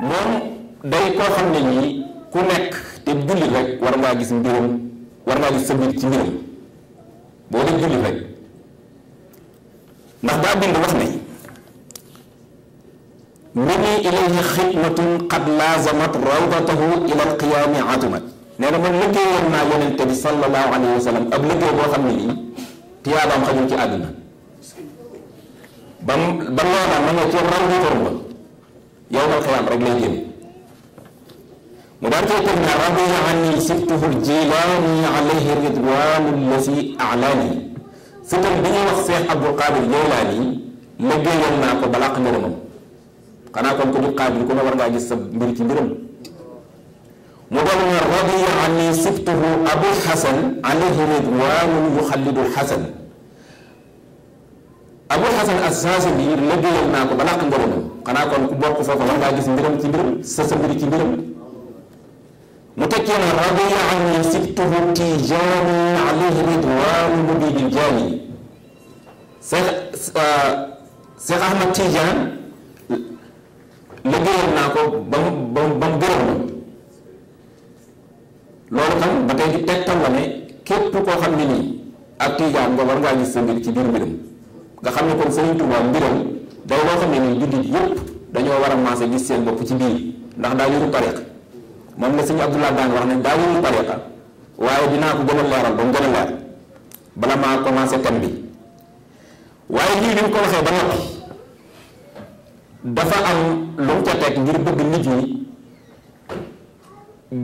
moom day koo xam ne nii ku nekk te jullit rek war ngaa gis mbirum war ngaa gis sa ci mbirum boo dee jullit rek ndax daa bind wax ne muni ilayhi xidmatun qad laazamat rawdatahu ila alqiyaami atumat nee na man liggéey woon naa yonente bi sallallahu alayhi wa sallam ab boo xam ne nii tiyaabaam xajul ci àdduna ba ba loola ma nga ci raw ba yowmal xiyaam rek lay génn mu daal cee teg ne rabiya anni sibtuhu jilaani alayhi ridwanu allazi alaani fitam bi ñuy wax Seex Abdul Qaadir Jeylaani liggéeyal naa ko balaq ngërëmam xanaa kon ku di qaadir ku ne war ngaa gis sa mbir ci mbiram mu doon ne rabiya anni sibtuhu abu xasan alayhi ridwanun yuxallidu xasan abu xasan assaasi bi liggéeyal naa ko balaq ngërëmam xanaa kon ku bokk foofa war ngaa gis mbiram ci mbiram sa sa mbiri ci mbiram mu tekkee ne radia anni sibtuhu tijaani alayhi ridwaanu mubinil jaani Seex euh, naa ko ba mu ba mu ba mu gërëm loolu tam ba tey di tegtal képp koo xam ne nii ak Tijaan nga war ngaa gis sa mbir ci biir mbiram nga xam ne kon Sëriñ Tuubaa mbiram day boo xam ne nii jullit yëpp dañoo war a maase gis seen bopp ci biir ndax daa yoru tariqa moom la sëñ Abdoulaye daan wax ne daa yoru tariqa waaye dinaa ko gën a leeral ba mu gën a leer bala maa commencé thème bi waaye lii bi mu ko waxee ba noppi dafa am lu mu ca teg ngir bëgg nit ñi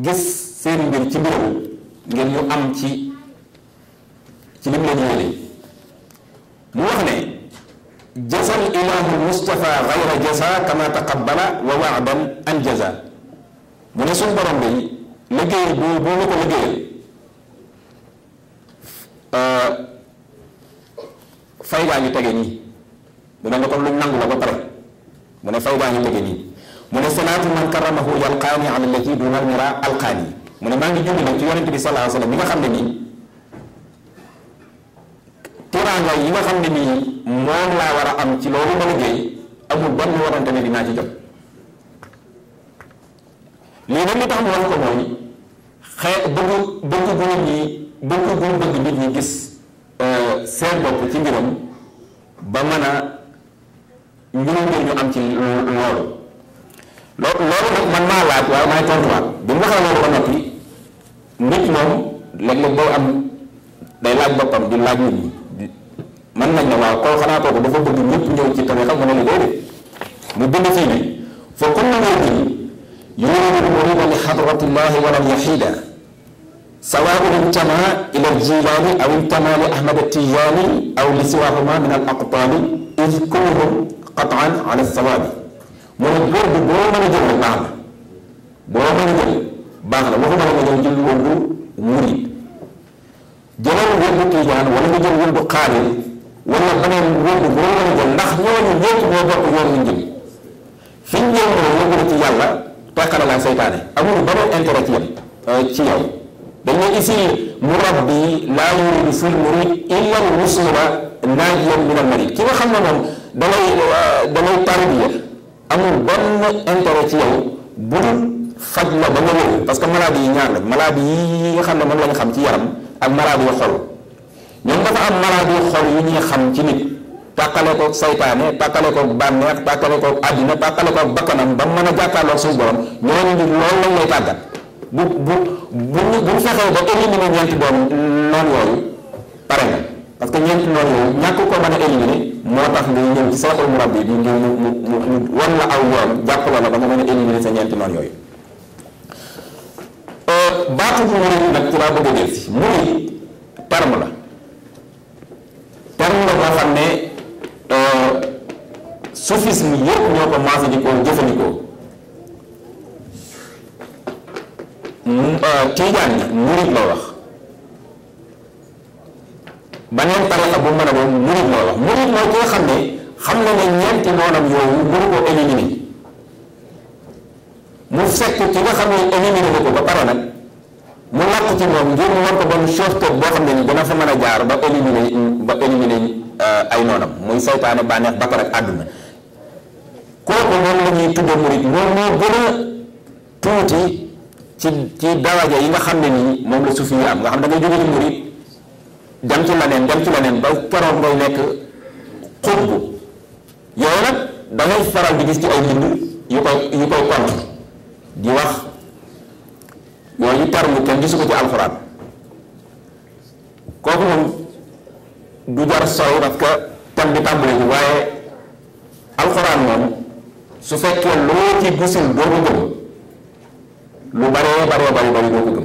gis seen mbir ci mbiram ngir ñu am ci ci lim la ñu fal ilaahu mustafa gayra jaza kama taqabbala wa waadan an jaza mu ne suñ borom bi liggéey bu bu ma ko liggéeyal euh, faydaa ngi tege nii mu ne nga kon lu nangu la ba pare mu ne faydaa ngi tege nii mu ne salaatu man karamahu yalqaani ala allati duna almira alqaani mu ne maa ngi julli nag ci yonente bi sallallahu wa sallam mi nga xam ne nii teraanga yi xam ne nii moom laa war a am ci loolu ma liggéey amul ban lu warante ci jot li tax mu nit ñi gis euh, seen bopp ci mbiram ba mën a njëriñ ñu am ci loolu loolu man maa laaj waaye maay tontuwaat bi mu waxee loolu ba noppi nit moom léeg-léeg boo am day laaj boppam di laaj nit ñi man nañ ne waaw koo xanaa kooku dafa bëgg ñëpp ñëw ci tarixa mu ne la déedéet mu bind fii ne fa kullu muridin yuridu al-uruba li hadratillahi wa lam yahida sawa'un intama ila al-jilani aw intama li ahmad at-tijani aw li siwahuma min al-aqtabi id kulluhum qat'an ala as-sawabi mu ne góor bi boo mën a jël rek baax na boo mën a jël baax na waxuma la nga ñëw jël wëndu murid jëlal wëndu tijaan wala nga jël wëndu xaadir wala beneen wóobu boo mën a ndax ñooñu ñëpp ñoo bokk yoon wu njëriñ fi ñu ñëw mooy yëngu ci yàlla tàqala a seytaane ci yam euh, ci yow laa yuridu ki nga xam ne moom dalay euh, dalay tarbiya amul benn intérêt ci yow bu dul faj la ba nga wóor parce que maladie yi ñaar la maladie yi nga xam ne moom lañ xam ci yaram ak maladie xol ñoom dafa am maladie xol yu ñuy xam ci nit tàkkale ko saytaane tàkkale ko bànneex tàkkale ko àddina tàkkale ko bakkanam ba mu mën a jàkkaarloog suñu borom ñooñu nit loolu lañ lay tàggat bu bu bu bu fexee ba que ñeenti ñàkk ko a éliminer moo tax ngay ñëw mu mu wan la aw yoon jàppale la ba nga mën a éliminer sa ñeenti noonu yooyu euh, baatu murid nag ci laa bëgg a dellusi murid la. xam ne euh, soufisme yëpp ñoo ko maase di ko jëfandikoo mm, euh, tiijaan yi murit la wax beneen tarixa bu mën a doon murit la wax murit mooy ki nga xam ne xam na ne ñeenti noonam yooyu mënu ko éliminer mu fekk ki nga xam ne éliminer na ko ba pare nag mu làkk ci moom ngir mu war ko ba mu chose boo xam ne ni dina fa mën a jaar ba éliminer ba éliminer Euh, ay noonam muy saytaane bànneex bakar ak àdduna kooku moom la ñuy tudde murit moom moo gën a tuuti ci ci daraja yi nga xam ne nii moom la su yi am nga xam da ngay jóge ci murit dem ci leneen dem ci leneen ba keroog ngay nekk xutb yooyu nag da faral di gis ci ay mbind yu koy yu koy kont di wax yooyu terme kenn gisu ko ci alxuraan du jar soow parce que tam bi tàmbali ji waaye alxuraan moom su fekkee loo ci gisul doo ko lu baree baree bari bari doo ko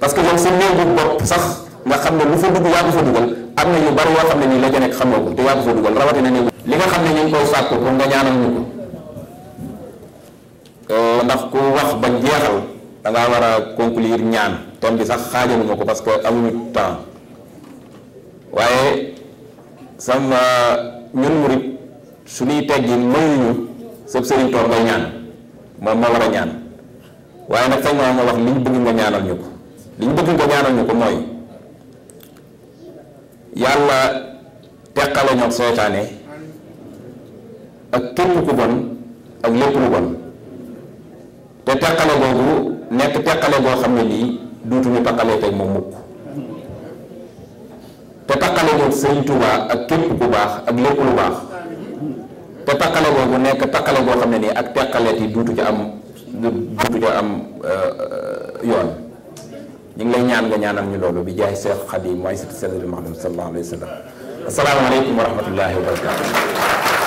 parce que yow sa néegu bopp sax nga xam ne lu fa dugg yaa fa dugal am na yu bari yoo xam ne nii la ca nekk xamoo ko te yaa ko fa dugal rawatina néegu li nga xam ne ñu ngi koy sàkku pour nga ñaanal ñu ko euh, ndax ku wax ba jeexal da war a conclure ñaan ton bi sax xaajaluma ko parce que amuñu temps waaye sama ñun murit suñuy teggin mayuñu sëb sëriñ toog ngay ñaan moom moo war a ñaan waaye nag sañ ma ma wax liñ bëgg nga ñaanal ñu ko liñ bëgg nga ñaanal ñu ko mooy yàlla teqale ñoog seytaane ak kenn ku ak lépp lu bon te teqale googu nekk teqale goo xam ne lii duutuñu teqalee tey moom mukk te takkale googu sëriñ Touba ak képp ku baax ak lépp lu baax te takkale googu nekk takkale goo xam ne nii ak teqaleet yi duutu ca am duutu ca am euh, yoon ñu ngi lay ñaan nga ñaanal ñu loolu bi jaay Cheikh Khadim waay sati sadil Mahmoud sallallahu alayhi wa sallam asalaamaaleykum wa rahmatullahi wa